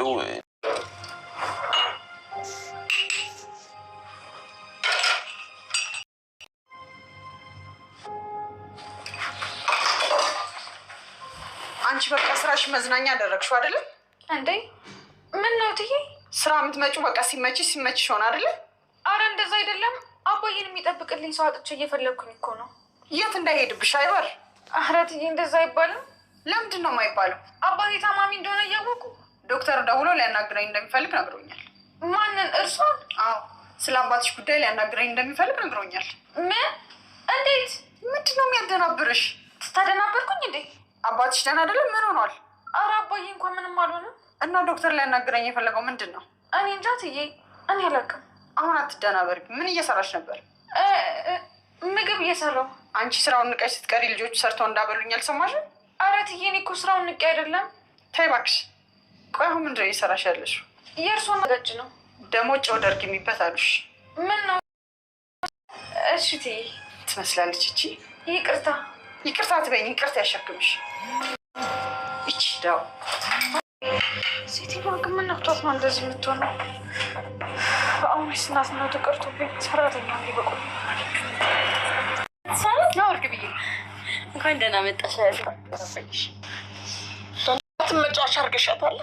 Do it. አንቺ በቃ ስራሽ መዝናኛ አደረግሽው አይደለም? እንዴ? ምን ነው ትዬ፣ ስራ የምትመጪው በቃ ሲመችሽ ሲመችሽ ሆነ አይደለ? አረ እንደዛ አይደለም። አባዬን የሚጠብቅልኝ ሰው አጥቼ እየፈለግኩኝ እኮ ነው። የት እንዳይሄድብሽ አይበር። አረ ትዬ እንደዛ አይባልም። ለምንድን ነው የማይባለው? አባዬ ታማሚ እንደሆነ እያወቁ ዶክተር ደውሎ ሊያናግረኝ እንደሚፈልግ ነግሮኛል። ማንን? እርሷን? አዎ፣ ስለ አባትሽ ጉዳይ ሊያናግረኝ እንደሚፈልግ ነግሮኛል። ምን? እንዴት? ምንድን ነው የሚያደናብርሽ? ትታደናበርኩኝ እንዴ? አባትሽ ደህና አይደለም? ምን ሆኗል? አረ አባዬ እንኳን ምንም አልሆነም። እና ዶክተር ሊያናግረኝ የፈለገው ምንድን ነው? እኔ እንጃ ትዬ፣ እኔ አላውቅም። አሁን አትደናበሪ። ምን እየሰራች ነበር? ምግብ እየሰራው አንቺ ስራውን ንቀሽ ስትቀሪ ልጆቹ ሰርተው እንዳበሉኝ አልሰማሽም? አረ ትዬ፣ እኔ እኮ ስራውን ንቄ አይደለም። ተይ እባክሽ ቆይ አሁን ምንድን ነው እየሰራሽ ያለሽ? የእርሶን ደጅ ነው ደግሞ ጨው ደርግ የሚበት አሉሽ። ምን ነው? እሺ ትይ ትመስላለች። እቺ ይቅርታ ይቅርታ ትበይኝ፣ ይቅርታ ያሸክምሽ። እቺ ዳው ሴትዮዋ ግን ምን ነክቷት ነው እንደዚህ የምትሆነው? አሁን ስናስናቱ ቀርቶብኝ ሰራተኛ ሊበቁ ነው። ብዬ እንኳን ደህና መጣሽ። ያለ ትመጫዋሽ አድርገሻታል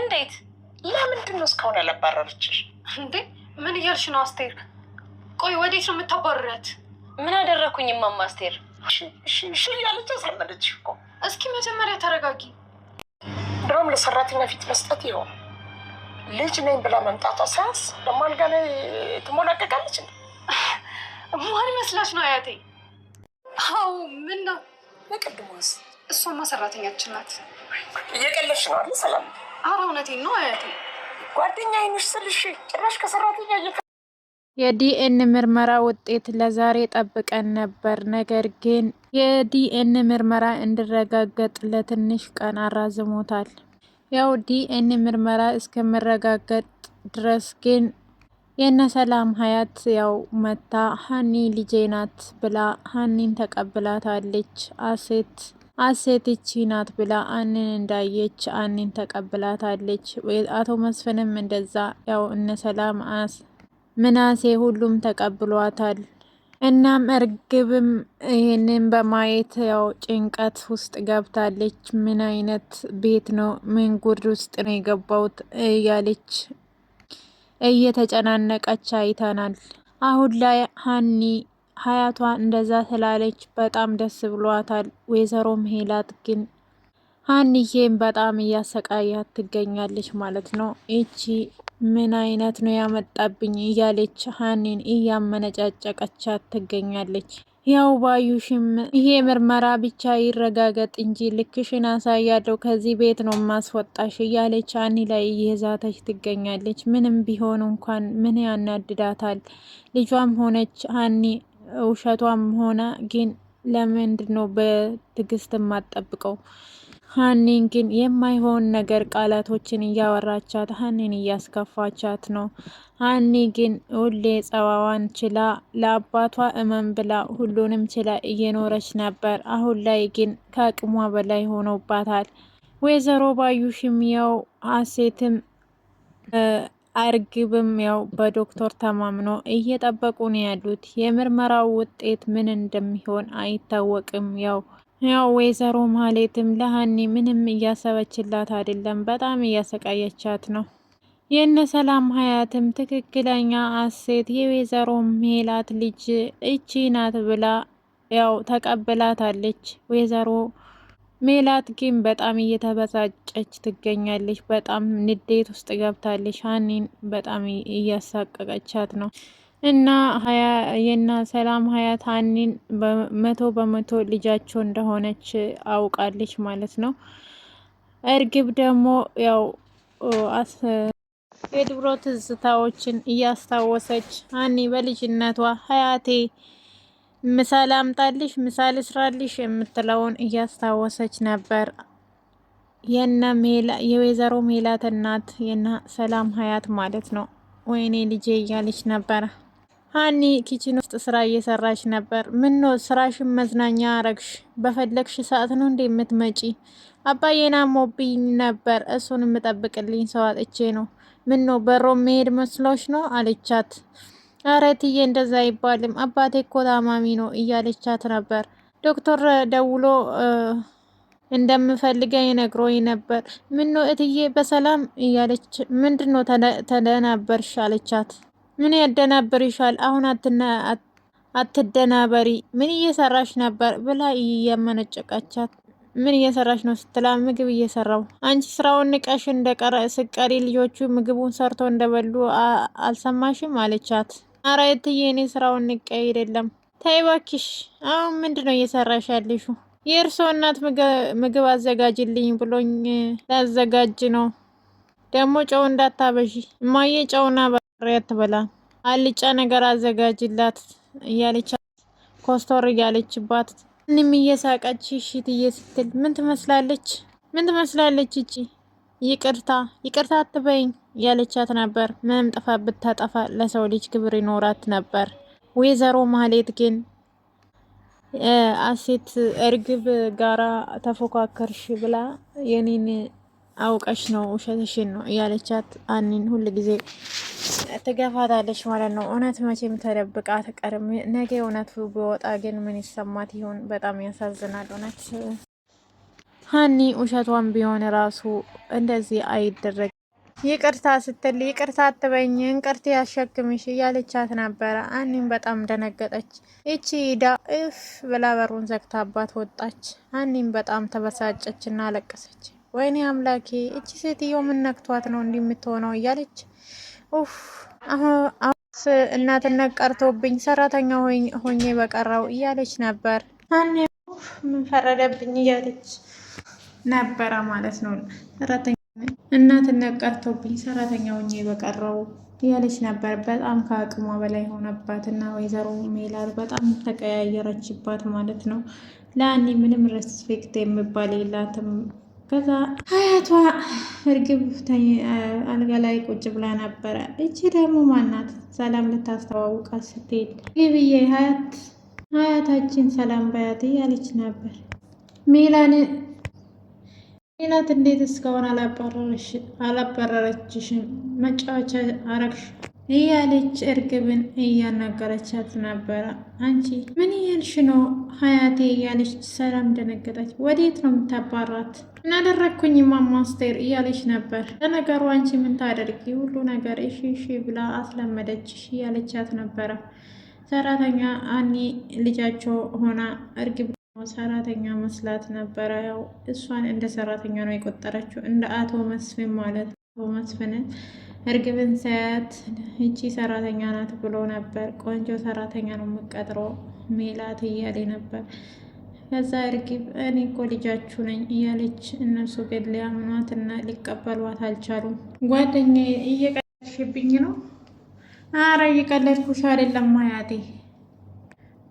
እንዴት? ለምንድን ነው እስካሁን ያላባረረችሽ? እንዴ ምን እያልሽ ነው አስቴር? ቆይ ወዴት ነው የምታባርረት? ምን አደረኩኝ እማማ አስቴር? ሽ እያለች አሳመደች እኮ። እስኪ መጀመሪያ ተረጋጊ። ድሮም ለሰራተኛ ፊት መስጠት ይሆን ልጅ ነኝ ብላ መምጣቷ ሳያንስ ደግሞ አልጋ ላይ ትሞላቀቃለች። ማን ይመስላች ነው አያቴ? አው ምን ነው? በቅድሟስ እሷማ ሰራተኛችን ናት። እየቀለሽ ነው አይደል? ሰላም አረ እውነቴን ነው አያቴ ጓደኛ ጭራሽ ከሰራተኛ የዲኤን ምርመራ ውጤት ለዛሬ ጠብቀን ነበር። ነገር ግን የዲኤን ምርመራ እንዲረጋገጥ ለትንሽ ቀን አራዝሞታል። ያው ዲኤን ምርመራ እስከምረጋገጥ ድረስ ግን የነ ሰላም ሀያት ያው መታ ሀኒ ልጄ ናት ብላ ሀኒን ተቀብላታለች። አሴት አሴት ይቺ ናት ብላ አንን እንዳየች አንን ተቀብላታለች። አቶ መስፍንም እንደዛ ያው እነ ሰላም አስ ምናሴ ሁሉም ተቀብሏታል። እናም እርግብም ይህንን በማየት ያው ጭንቀት ውስጥ ገብታለች። ምን አይነት ቤት ነው? ምን ጉድ ውስጥ ነው የገባውት? እያለች እየተጨናነቀች አይተናል። አሁን ላይ ሀኒ ሀያቷ እንደዛ ስላለች በጣም ደስ ብሏታል። ወይዘሮ ሜላት ግን ሀንዬም በጣም እያሰቃያት ትገኛለች ማለት ነው። ይቺ ምን አይነት ነው ያመጣብኝ እያለች ሀኒን እያመነጫጨቀቻት ትገኛለች። ያው ባዩሽም ይሄ ምርመራ ብቻ ይረጋገጥ እንጂ ልክሽን አሳያለሁ ከዚህ ቤት ነው ማስወጣሽ እያለች አኒ ላይ እየዛተች ትገኛለች። ምንም ቢሆን እንኳን ምን ያናድዳታል? ልጇም ሆነች አኒ ውሸቷም ሆነ ግን ለምንድን ነው በትግስት የማጠብቀው? ሀኒን ግን የማይሆን ነገር ቃላቶችን እያወራቻት ሀኒን እያስከፋቻት ነው። ሀኒ ግን ሁሌ ጸባዋን ችላ ለአባቷ እመን ብላ ሁሉንም ችላ እየኖረች ነበር። አሁን ላይ ግን ከአቅሟ በላይ ሆኖባታል። ወይዘሮ ባዩሽም ያው አሴትም እርግብም ያው በዶክተር ተማምኖ እየጠበቁ ነው ያሉት። የምርመራው ውጤት ምን እንደሚሆን አይታወቅም። ያው ያው ወይዘሮ ማህሌትም ለሀኒ ምንም እያሰበችላት አይደለም፣ በጣም እያሰቃየቻት ነው። የነ ሰላም ሀያትም ትክክለኛ አሴት የወይዘሮ ሜላት ልጅ እቺ ናት ብላ ያው ተቀብላታለች ወይዘሮ ሜላት ግን በጣም እየተበሳጨች ትገኛለች። በጣም ንዴት ውስጥ ገብታለች። ሀኒን በጣም እያሳቀቀቻት ነው እና የና ሰላም ሀያት ሀኒን መቶ በመቶ ልጃቸው እንደሆነች አውቃለች ማለት ነው። እርግብ ደግሞ ያው የድሮ ትዝታዎችን እያስታወሰች ሀኒ በልጅነቷ ሀያቴ ምሳ ላምጣልሽ፣ ምሳ ልስራልሽ የምትለውን እያስታወሰች ነበር። የነ የወይዘሮ ሜላት እናት የነ ሰላም ሀያት ማለት ነው። ወይኔ ልጄ እያለች ነበር ሀኒ ኪችን ውስጥ ስራ እየሰራች ነበር። ምን ነው ስራሽን መዝናኛ አረግሽ? በፈለግሽ ሰዓት ነው እንዴ የምትመጪ? አባዬና ሞብኝ ነበር እሱን የምጠብቅልኝ ሰው አጥቼ ነው። ምን ነው በሮ መሄድ መስሎች ነው አለቻት። አረ እትዬ እንደዛ አይባልም አባቴ እኮ ታማሚ ነው እያለቻት ነበር። ዶክተር ደውሎ እንደምፈልገኝ ነግሮኝ ነበር። ምን ነው እትዬ በሰላም እያለች ምንድን ነው ተደናበርሽ አለቻት። ምን ያደናብርሻል? አሁን አትደናበሪ፣ ምን እየሰራሽ ነበር ብላ እያመነጨቃቻት ምን እየሰራሽ ነው ስትላ፣ ምግብ እየሰራው። አንቺ ስራውን ንቀሽ እንደቀረ ስቀሪ ልጆቹ ምግቡን ሰርቶ እንደበሉ አልሰማሽም አለቻት። ኧረ እትዬ እኔ ስራውን ንቀ አይደለም። ተይ እባክሽ። አሁን ምንድን ነው እየሰራሽ ያለሽው? የእርስዎ እናት ምግብ አዘጋጅልኝ ብሎኝ ላዘጋጅ ነው። ደግሞ ጨው እንዳታበዢ እማዬ፣ ጨውና ባሪ አትበላ አልጫ ነገር አዘጋጅላት እያለች ኮስቶር እያለችባት ምንም እየሳቀች እሺ ትዬ ስትል ምን ትመስላለች? ምን ትመስላለች እቺ ይቅርታ ይቅርታ አትበይኝ ያለቻት ነበር። ምንም ጥፋት ብታጠፋ ለሰው ልጅ ክብር ይኖራት ነበር። ወይዘሮ ማህሌት ግን አሴት እርግብ ጋራ ተፎካከርሽ ብላ የኔን አውቀሽ ነው ውሸትሽን ነው እያለቻት አኒን ሁል ጊዜ ትገፋታለች ማለት ነው። እውነት መቼም ተደብቃ አትቀርም። ነገ እውነቱ ቢወጣ ግን ምን ይሰማት ይሆን? በጣም ያሳዝናል እውነት ሀኒ ውሸቷን ቢሆን ራሱ እንደዚህ አይደረግ ይቅርታ ስትል ይቅርታ አትበኝ እንቅርት ያሸክምሽ እያለቻት ነበረ። አኒም በጣም ደነገጠች። ይቺ ዳ እፍ ብላ በሩን ዘግታባት ወጣች። አኒም በጣም ተበሳጨች እና አለቀሰች። ወይኔ አምላኬ እቺ ሴትዮ ምን ነክቷት ነው እንዲህ የምትሆነው እያለች ኡፍ አሁንስ እናትነት ቀርቶብኝ ሰራተኛ ሆኜ በቀረው እያለች ነበር። ሀኒ ምን ፈረደብኝ እያለች ነበረ ማለት ነው። ሰራተኛ እናትነት ቀርቶብኝ ሰራተኛ ሆኜ በቀረው ያለች ነበር። በጣም ከአቅሟ በላይ ሆነባት እና ወይዘሮ ሜላት በጣም ተቀያየረችባት ማለት ነው። ለአኒ ምንም ሬስፔክት የሚባል የላትም። ከዛ አያቷ እርግብ አልጋ ላይ ቁጭ ብላ ነበረ። እቺ ደግሞ ማናት ሰላም ልታስተዋውቃ ስትሄድ ግብዬ ሀያት ሀያታችን ሰላም በያት እያለች ነበር ሜላን ሌላት እንዴት እስካሁን አላባረረችሽም? መጫወቻ አረግሽ እያለች እርግብን እያናገረቻት ነበረ። አንቺ ምን እያልሽ ነው ሀያቴ? እያለች ሰላም ደነገጠች። ወዴት ነው የምታባራት? እናደረግኩኝ ማማ አስቴር እያለች ነበር። ለነገሩ አንቺ ምን ታደርጊ፣ ሁሉ ነገር እሺ እሺ ብላ አስለመደችሽ እያለቻት ነበረ። ሰራተኛ አኒ ልጃቸው ሆና እርግብ ሰራተኛ መስላት ነበረ። ያው እሷን እንደ ሰራተኛ ነው የቆጠረችው፣ እንደ አቶ መስፍን ማለት አቶ መስፍንን እርግብን ሳያት ይቺ ሰራተኛ ናት ብሎ ነበር። ቆንጆ ሰራተኛ ነው የምቀጥሮ ሜላት እያሌ ነበር። ከዛ እርግብ እኔ እኮ ልጃችሁ ነኝ እያለች እነሱ ግን ሊያምኗት እና ሊቀበሏት አልቻሉም። ጓደኛ እየቀለድሽብኝ ነው። አረ እየቀለድኩሽ አይደለም ማያቴ።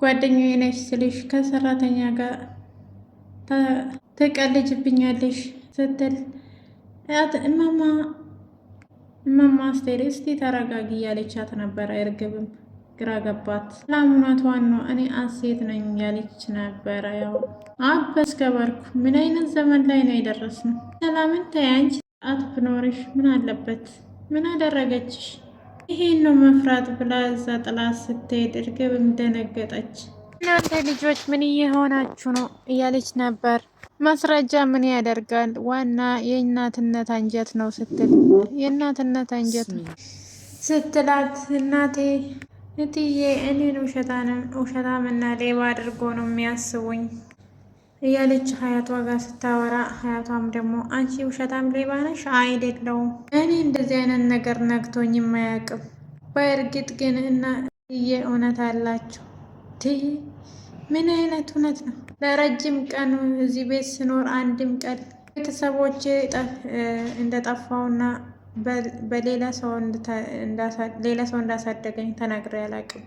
ጓደኛዬ ነች ስልሽ ከሰራተኛ ጋር ትቀልጅብኛለሽ ስትል እማማ እማማ አስቴር እስቲ ተረጋጊ እያለቻት ነበረ። እርግብም ግራ ገባት። ላሙናት ዋና እኔ አሴት ነኝ ያለች ነበረ። ያው አበስ ገበርኩ። ምን አይነት ዘመን ላይ ነው የደረስነው? ሰላምን ተያንች ብኖርሽ ምን አለበት? ምን አደረገችሽ? ይሄን ነው መፍራት ብላ እዛ ጥላት ስትሄድ እርግብም ደነገጠች። እናንተ ልጆች ምን እየሆናችሁ ነው እያለች ነበር። ማስረጃ ምን ያደርጋል ዋና የእናትነት አንጀት ነው ስትል የእናትነት አንጀት ነው ስትላት እናቴ እትዬ እኔን ውሸታምና ሌባ አድርጎ ነው የሚያስቡኝ እያለች ሀያቷ ጋር ስታወራ ሀያቷም ደግሞ አንቺ ውሸታም ሌባ ነሽ፣ አይደለሁም እኔ እንደዚህ አይነት ነገር ነግቶኝ የማያውቅም። በእርግጥ ግን እና እየ እውነት አላቸው። ትይ ምን አይነት እውነት ነው? ለረጅም ቀን እዚህ ቤት ስኖር አንድም ቀን ቤተሰቦች እንደጠፋውና በሌላ ሰው እንዳሳደገኝ ተናግሬ አላውቅም።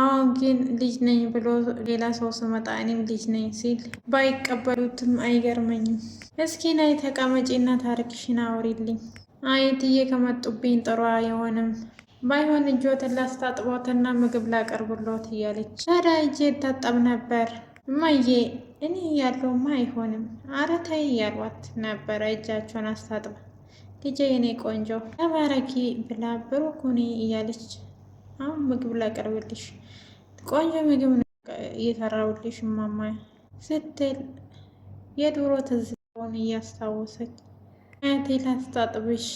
አሁን ግን ልጅ ነኝ ብሎ ሌላ ሰው ስመጣ እኔም ልጅ ነኝ ሲል ባይቀበሉትም አይገርመኝም። እስኪ ናይ ተቀመጪና ታሪክሽን አውሪልኝ። አይትዬ ከመጡብኝ ጥሩ አይሆንም። ባይሆን እጆትን ላስታጥቦትና ምግብ ላቀርብሎት እያለች ታዳ እጄ እታጠብ ነበር እማዬ እኔ እያለሁማ አይሆንም አረታይ እያሏት ነበረ። እጃቸውን አስታጥባ ልጄ የኔ ቆንጆ ተባረኪ ብላ ብሩኩኒ እያለች አሁን ምግብ ላቀርብልሽ ቆንጆ ምግብ ነው እየሰራሁልሽ እማማ ስትል የድሮ ትዝታውን እያስታወሰች አያቴ ላስታጥብሽ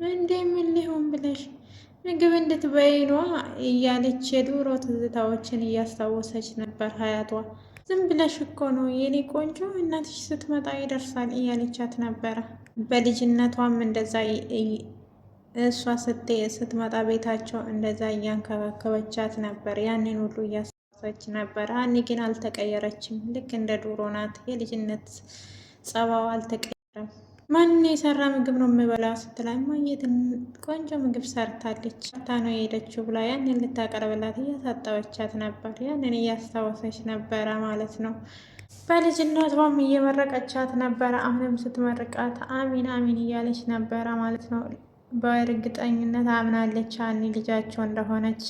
ምን ሊሆን ብለሽ ምግብ እንድትበይ ነዋ እያለች የድሮ ትዝታዎችን እያስታወሰች ነበር ሀያቷ። ዝም ብለሽ እኮ ነው የኔ ቆንጆ እናትሽ ስትመጣ ይደርሳል እያለቻት ነበረ። በልጅነቷም እንደዛ እሷ ስትመጣ ቤታቸው እንደዛ እያንከባከበቻት ነበር። ያንን ሁሉ እያሳሰች ነበር። ሀኒ ግን አልተቀየረችም። ልክ እንደ ዱሮ ናት። የልጅነት ጸባዋ አልተቀየረም። ማን የሰራ ምግብ ነው የምበላ? ስትላ ማየት ቆንጆ ምግብ ሰርታለች ታ ነው የሄደችው ብላ ያንን ልታቀርብላት እያሳጠበቻት ነበር። ያንን እያስታወሰች ነበረ ማለት ነው። በልጅነቷም እየመረቀቻት ነበረ። አሁንም ስትመርቃት አሚን አሚን እያለች ነበረ ማለት ነው። በእርግጠኝነት አምናለች አኒ ልጃቸው እንደሆነች።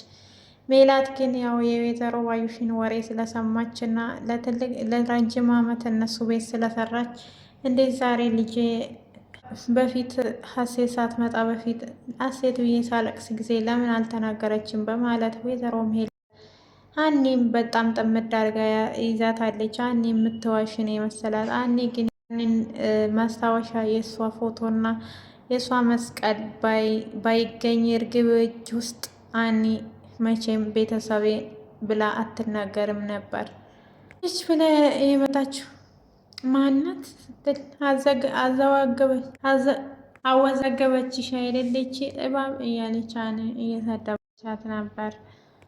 ሜላት ግን ያው የወይዘሮ ባዩሽን ወሬ ስለሰማች እና ለረጅም ዓመት እነሱ ቤት ስለሰራች እንዴት ዛሬ ልጄ በፊት ሀሴት ሳትመጣ በፊት አሴት ብዬ ሳለቅስ ጊዜ ለምን አልተናገረችም? በማለት ወይዘሮ ሜላት ሀኒም በጣም ጥምድ አድርጋ ይዛታለች። ሀኒ የምትዋሽን የመሰላት ሀኒ ግን ማስታወሻ የእሷ ፎቶ ፎቶና የእሷ መስቀል ባይገኝ እርግብ ውስጥ አኒ መቼም ቤተሰቤ ብላ አትናገርም ነበር። ይች ብለ የመጣችው ማናት ስትል አወዛገበችሽ አይደለች እባብ እያለች አን እየሰደበቻት ነበር።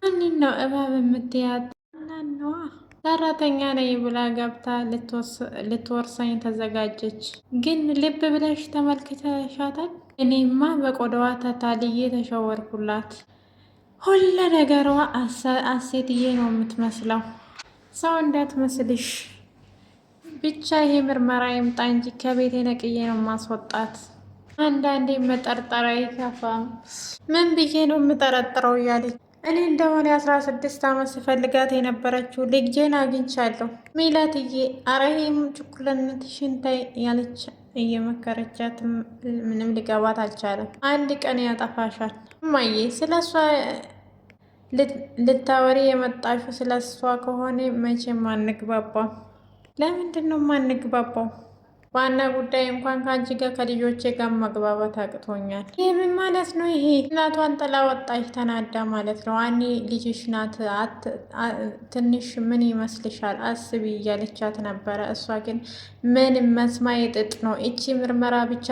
ማንን ነው እባብ የምትያት? እናነዋ ሰራተኛ ነኝ ብላ ገብታ ልትወርሰኝ ተዘጋጀች። ግን ልብ ብለሽ ተመልክተሻታል? እኔማ በቆዳዋ ተታልዬ ተሸወርኩላት። ሁለ ነገሯ አሴትዬ ነው የምትመስለው። ሰው እንዳትመስልሽ ብቻ። ይሄ ምርመራ ይምጣ እንጂ ከቤቴ ነቅዬ ነው ማስወጣት። አንዳንዴ መጠርጠሪያ ይከፋ። ምን ብዬ ነው የምጠረጥረው እያለች እኔ እንደሆነ አስራ ስድስት ዓመት ስፈልጋት የነበረችው ልጄን አግኝቻለሁ ሚላትዬ አረሄም ችኩልነት ሽንታይ ያለች እየመከረቻት ምንም ሊገባት አልቻለም። አንድ ቀን ያጠፋሻል እማዬ። ስለ እሷ ልታወሪ የመጣሹ ስለ እሷ ከሆነ መቼም አንግባባም። ለምንድን ነው ማንግባባው? ዋና ጉዳይ እንኳን ከአንቺ ጋር ከልጆቼ ጋር መግባባት አቅቶኛል። ይህ ምን ማለት ነው? ይሄ እናቷን ጥላ ወጣች ተናዳ ማለት ነው። አኔ ልጅሽ ናት ትንሽ ምን ይመስልሻል አስቢ እያለቻት ነበረ። እሷ ግን ምን መስማ የጥጥ ነው እቺ ምርመራ ብቻ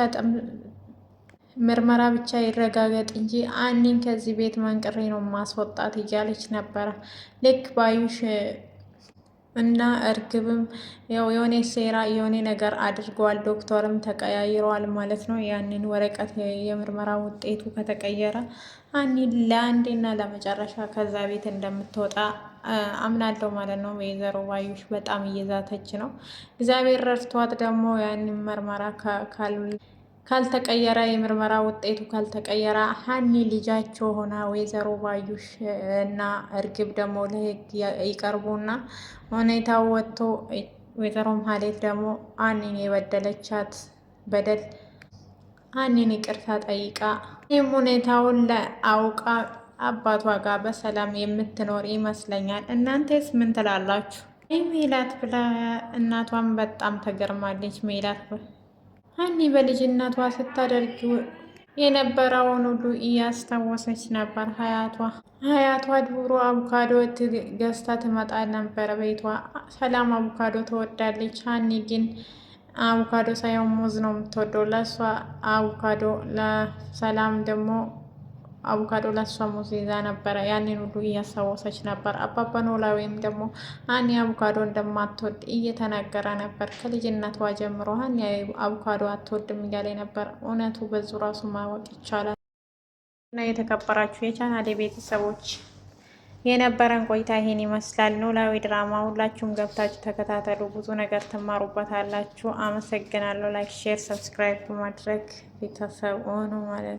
ምርመራ ብቻ ይረጋገጥ እንጂ አኒን ከዚህ ቤት መንቅሬ ነው ማስወጣት እያለች ነበረ ልክ ባዩሽ እና እርግብም ያው የሆነ ሴራ የሆነ ነገር አድርገዋል። ዶክተርም ተቀያይረዋል ማለት ነው። ያንን ወረቀት የምርመራ ውጤቱ ከተቀየረ አኒ ለአንዴና ለመጨረሻ ከዛ ቤት እንደምትወጣ አምናለሁ ማለት ነው። ወይዘሮ ባዩሽ በጣም እየዛተች ነው። እግዚአብሔር ረድቷት ደግሞ ያንን መርመራ ካሉ ካልተቀየረ የምርመራ ውጤቱ ካልተቀየረ ሀኒ ልጃቸው ሆና ወይዘሮ ባዩሽ እና እርግብ ደግሞ ለህግ ይቀርቡና ሁኔታው ወጥቶ ወይዘሮ መሀሌት ደግሞ አኒን የበደለቻት በደል አኒን ይቅርታ ጠይቃ ይህም ሁኔታውን ለአውቃ አባቷ ጋር በሰላም የምትኖር ይመስለኛል። እናንተስ ምን ትላላችሁ? ይህ ሜላት ብላ እናቷን በጣም ተገርማለች ሜላት ሀኒ በልጅነቷ ስታደርግ የነበረውን ሁሉ እያስታወሰች ነበር። ሀያቷ ሀያቷ ድሮ አቮካዶ ገዝታ ትመጣ ነበረ ቤቷ። ሰላም አቮካዶ ትወዳለች። ሀኒ ግን አቮካዶ ሳይሆን ሙዝ ነው የምትወደው። ለእሷ አቮካዶ ለሰላም ደግሞ አቮካዶ ለሷ ሙዝ ይዛ ነበረ። ያንን ሁሉ እያስታወሰች ነበር። አባባ ኖላዊም ደግሞ ሀኒ አቮካዶ እንደማትወድ እየተናገረ ነበር። ከልጅነቷ ጀምሮ ሀኒ አቮካዶ አትወድም እያለ ነበር። እውነቱ በዙ ራሱ ማወቅ ይቻላል። እና የተከበራችሁ የቻናሌ ቤተሰቦች የነበረን ቆይታ ይሄን ይመስላል። ኖላዊ ድራማ ሁላችሁም ገብታችሁ ተከታተሉ፣ ብዙ ነገር ትማሩበታላችሁ። አመሰግናለሁ። ላይክ፣ ሼር፣ ሰብስክራይብ በማድረግ ቤተሰብ ሆኑ ማለት ነው።